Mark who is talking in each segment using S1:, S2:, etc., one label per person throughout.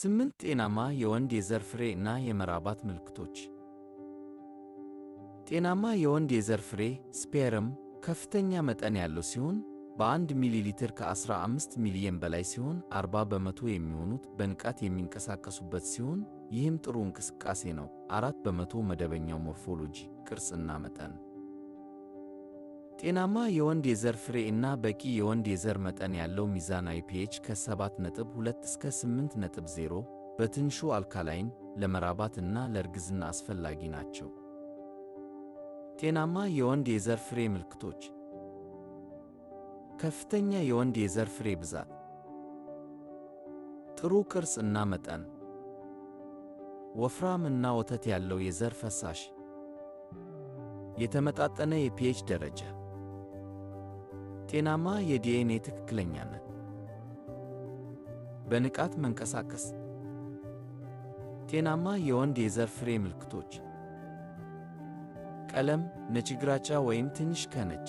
S1: ስምንት ጤናማ የወንድ የዘር ፍሬ እና የመራባት ምልክቶች። ጤናማ የወንድ የዘር ፍሬ ስፔርም ከፍተኛ መጠን ያለው ሲሆን በ1 ሚሊ ሊትር ከ15 ሚሊየን በላይ ሲሆን 40 በመቶ የሚሆኑት በንቃት የሚንቀሳቀሱበት ሲሆን ይህም ጥሩ እንቅስቃሴ ነው። አራት በመቶ መደበኛው ሞርፎሎጂ ቅርጽና መጠን ጤናማ የወንድ የዘር ፍሬ እና በቂ የወንድ የዘር መጠን ያለው ሚዛናዊ ፒኤች ከ 2 እስከ ዜሮ በትንሹ አልካላይን ለመራባት እና ለእርግዝና አስፈላጊ ናቸው። ጤናማ የወንድ የዘር ፍሬ ምልክቶች ከፍተኛ የወንድ የዘር ፍሬ ብዛት፣ ጥሩ ቅርጽ እና መጠን፣ ወፍራም እና ወተት ያለው የዘር ፈሳሽ፣ የተመጣጠነ የፒኤች ደረጃ ጤናማ የዲኤንኤ ትክክለኛነት በንቃት መንቀሳቀስ፣ ጤናማ የወንድ የዘር ፍሬ ምልክቶች ቀለም ነጭ ግራጫ ወይም ትንሽ ከነጭ፣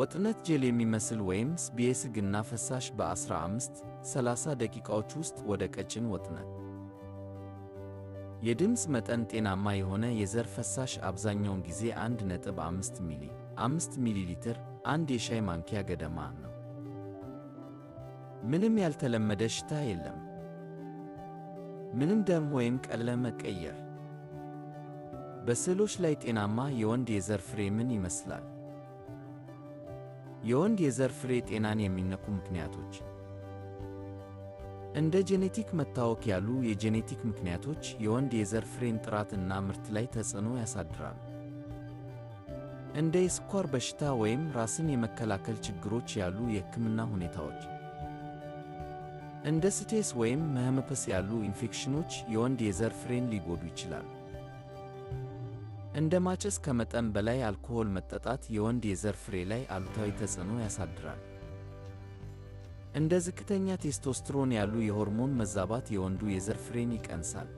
S1: ወጥነት ጄል የሚመስል ወይም ስቢስ ግና ፈሳሽ በ15 30 ደቂቃዎች ውስጥ ወደ ቀጭን ወጥነት። የድምፅ መጠን ጤናማ የሆነ የዘር ፈሳሽ አብዛኛውን ጊዜ 1.5 ሚሊ 5 ሚሊ ሊትር አንድ የሻይ ማንኪያ ገደማ ነው። ምንም ያልተለመደ ሽታ የለም። ምንም ደም ወይም ቀለም መቀየር። በስዕሎች ላይ ጤናማ የወንድ የዘር ፍሬ ምን ይመስላል? የወንድ የዘር ፍሬ ጤናን የሚነኩ ምክንያቶች እንደ ጄኔቲክ መታወክ ያሉ የጄኔቲክ ምክንያቶች የወንድ የዘር ፍሬን ጥራት እና ምርት ላይ ተጽዕኖ ያሳድራሉ። እንደ የስኳር በሽታ ወይም ራስን የመከላከል ችግሮች ያሉ የሕክምና ሁኔታዎች እንደ ስቴስ ወይም መህመፐስ ያሉ ኢንፌክሽኖች የወንድ የዘር ፍሬን ሊጎዱ ይችላሉ። እንደ ማጨስ፣ ከመጠን በላይ አልኮሆል መጠጣት የወንድ የዘር ፍሬ ላይ አሉታዊ ተጽዕኖ ያሳድራል። እንደ ዝቅተኛ ቴስቶስትሮን ያሉ የሆርሞን መዛባት የወንዱ የዘር ፍሬን ይቀንሳል።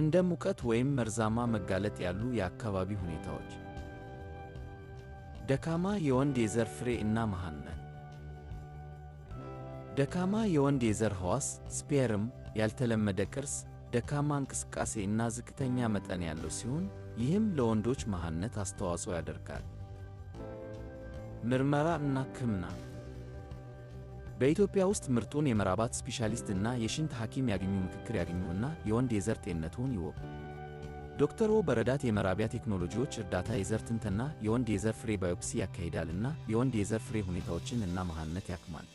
S1: እንደ ሙቀት ወይም መርዛማ መጋለጥ ያሉ የአካባቢ ሁኔታዎች። ደካማ የወንድ የዘር ፍሬ እና መሃንነት ደካማ የወንድ የዘር ሕዋስ ስፔርም ያልተለመደ ቅርጽ፣ ደካማ እንቅስቃሴ እና ዝቅተኛ መጠን ያለው ሲሆን ይህም ለወንዶች መሃንነት አስተዋጽኦ ያደርጋል። ምርመራ እና ሕክምና በኢትዮጵያ ውስጥ ምርጡን የመራባት ስፔሻሊስት እና የሽንት ሐኪም ያግኙ። ምክክር ያግኙ እና የወንድ የዘር ጤንነትዎን ይወቁ። ዶክተር ዎ በረዳት የመራቢያ ቴክኖሎጂዎች እርዳታ የዘር ትንተና፣ የወንድ የዘር ፍሬ ባዮፕሲ ያካሂዳል እና የወንድ የዘር ፍሬ ሁኔታዎችን እና መሃንነት ያክማል።